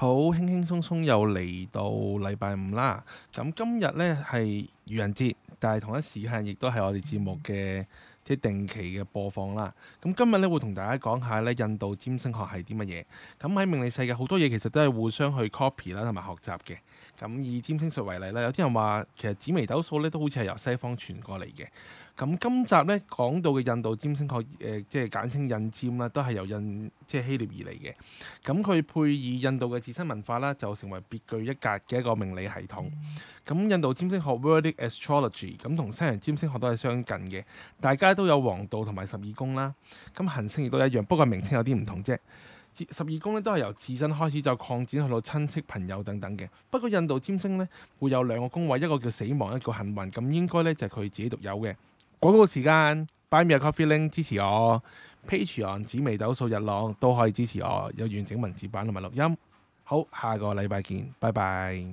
好輕輕鬆鬆又嚟到禮拜五啦，咁今日咧係愚人節，但係同一時間亦都係我哋節目嘅。嗯即係定期嘅播放啦。咁今日咧會同大家講下咧印度占星學係啲乜嘢。咁喺命理世界好多嘢其實都係互相去 copy 啦同埋學習嘅。咁以占星術為例啦，有啲人話其實紫微斗數咧都好似係由西方傳過嚟嘅。咁今集咧講到嘅印度占星學誒、呃、即係簡稱印占啦，都係由印即係希臘而嚟嘅。咁佢配以印度嘅自身文化啦，就成為別具一格嘅一個命理系統。咁印度占星學、mm-hmm. Vedic Astrology 咁同西洋占星學都係相近嘅。大家。都有黃道同埋十二宮啦，咁行星亦都一樣，不過名稱有啲唔同啫。十二宮咧都係由自身開始就擴，再擴展去到親戚朋友等等嘅。不過印度占星呢，會有兩個工位，一個叫死亡，一個幸運。咁應該呢，就係佢自己獨有嘅。廣、那、告、個、時間 b y me coffee link 支持我 p a t r o n 紫微斗數日朗都可以支持我，有完整文字版同埋錄音。好，下個禮拜見，拜拜。